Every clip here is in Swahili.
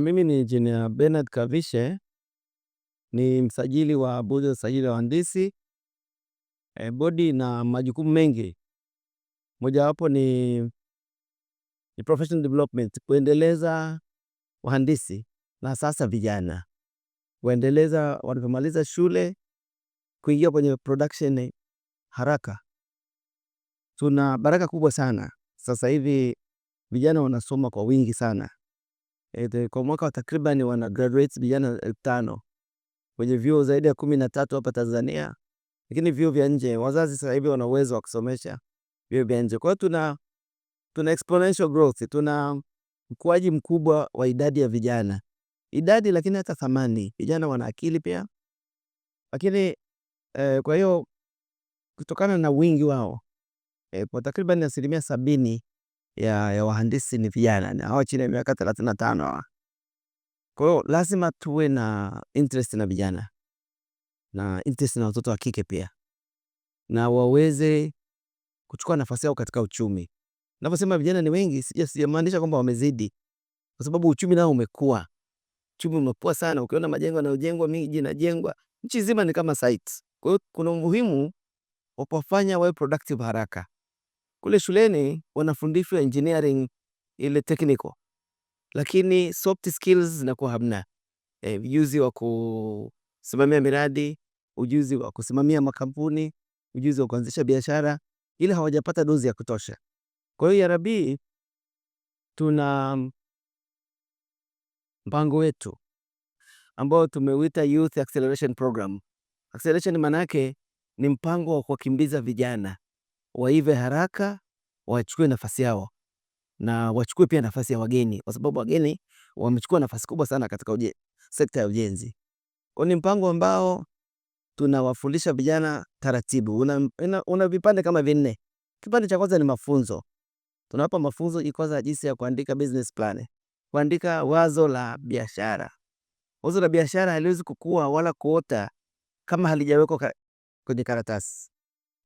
Mimi ni Injinia Bernard Kavishe, ni msajili wa Bodi ya Usajili wa Wahandisi. E, eh, bodi na majukumu mengi, mojawapo ni, ni professional development, kuendeleza wahandisi na sasa vijana, kuendeleza wanavyomaliza shule kuingia kwenye production haraka. Tuna baraka kubwa sana sasa hivi, vijana wanasoma kwa wingi sana kwa mwaka wa takriban wana graduates vijana elfu tano kwenye vyuo zaidi ya kumi na tatu hapa Tanzania, lakini vyuo vya nje, wazazi sasa hivi wana uwezo wa kusomesha vyuo vya nje. Kwa hiyo tuna tuna exponential growth, tuna ukuaji mkubwa wa idadi ya vijana, idadi lakini hata thamani. Vijana wana akili pia, lakini eh, kwa hiyo kutokana na wingi wao eh, kwa takriban asilimia sabini ya, ya wahandisi ni vijana na hao chini ya miaka 35 hawa. Kwa hiyo lazima tuwe na interest na vijana na interest na watoto wa kike pia, na waweze kuchukua nafasi yao katika uchumi. Navyosema vijana ni wengi, sijamaanisha kwamba wamezidi, kwa sababu uchumi nao umekua. Uchumi umekua sana, ukiona majengo yanayojengwa, miji inajengwa, nchi nzima ni kama site. Kwa hiyo kuna umuhimu wa kuwafanya wawe productive haraka. Kule shuleni wanafundishwa engineering ile technical, lakini soft skills zinakuwa hamna. E, ujuzi wa kusimamia miradi, ujuzi wa kusimamia makampuni, ujuzi wa kuanzisha biashara, ili hawajapata dozi ya kutosha. Kwa hiyo yarabii, tuna mpango wetu ambao tumeuita Youth Acceleration Program. Acceleration maana yake ni mpango wa kuwakimbiza vijana waive haraka, wachukue nafasi yao na wachukue pia nafasi ya wageni, kwa sababu wageni wamechukua nafasi kubwa sana katika uje, sekta ya ujenzi. Kwa ni mpango ambao tunawafundisha vijana taratibu. Una, una, una vipande kama vinne. Kipande cha kwanza ni mafunzo. Tunawapa mafunzo kwanza jinsi ya kuandika business plan, kuandika wazo la biashara. Wazo la biashara haliwezi kukua wala kuota kama halijawekwa kwenye karatasi.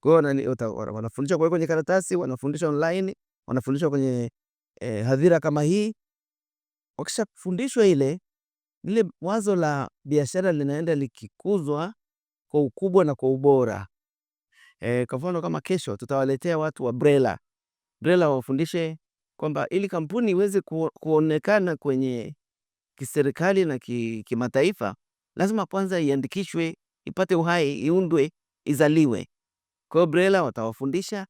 Kwa hiyo wanafundishwa kwa kwenye karatasi, wanafundishwa online, wanafundishwa kwenye eh, hadhira kama hii. Wakishafundishwa ile lile wazo la biashara linaenda likikuzwa kwa ukubwa na kwa ubora. E, kwa mfano kama kesho tutawaletea watu wa Brela. Brela wafundishe kwamba ili kampuni iweze kuonekana kwenye kiserikali na kimataifa, lazima kwanza iandikishwe, ipate uhai, iundwe, izaliwe. Kwa hiyo BRELA watawafundisha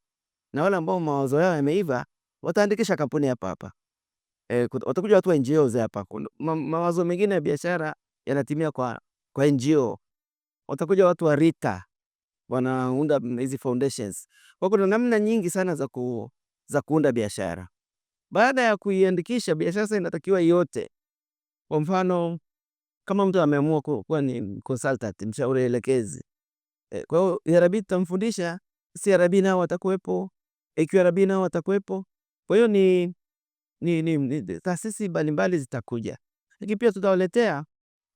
na wale ambao mawazo yao yameiva wataandikisha kampuni hapa hapa. E, watakuja watu wa NGOs hapa. Ma, mawazo mengine ya biashara yanatimia kwa, kwa NGO. Watakuja watu wa Rita wanaunda hizi foundations. Kwa kuna namna nyingi sana za, ku, za kuunda biashara. Baada ya kuiandikisha biashara sasa inatakiwa yote. Kwa mfano kama mtu ameamua kuwa ni consultant, mshauri elekezi Eh, kwa hiyo ERB tutamfundisha, CRB nao watakuwepo, AQRB nao watakuwepo. Kwa hiyo ni, ni, ni, ni taasisi mbalimbali zitakuja, lakini pia tutawaletea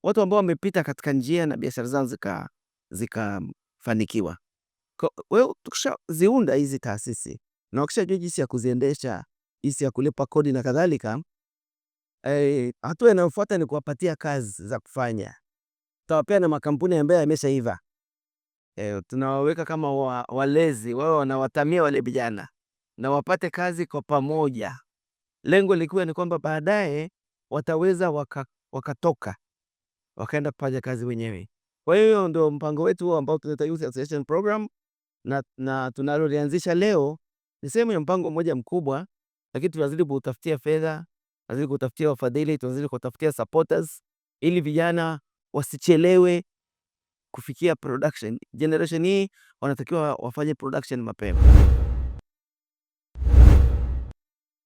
watu ambao wamepita katika njia na biashara zao zika zikafanikiwa. Kwa hiyo tukishaziunda hizi taasisi na wakishajua jinsi ya kuziendesha, jinsi ya kulipa kodi na kadhalika, eh, hatua inayofuata ni kuwapatia kazi za kufanya. Tutawapea na makampuni ambayo yameshaiva eh, tunawaweka kama wa, walezi wao wanawatamia wale vijana na wapate kazi kwa pamoja, lengo likiwa ni kwamba baadaye wataweza waka, wakatoka wakaenda kufanya kazi wenyewe. Kwa hiyo ndio mpango wetu huo ambao tunaita Youth Association Program na, na tunalolianzisha leo ni sehemu ya mpango mmoja mkubwa, lakini tunazidi kutafutia fedha, tunazidi kutafutia wafadhili, tunazidi kutafutia supporters ili vijana wasichelewe kufikia production generation hii wanatakiwa wafanye production mapema.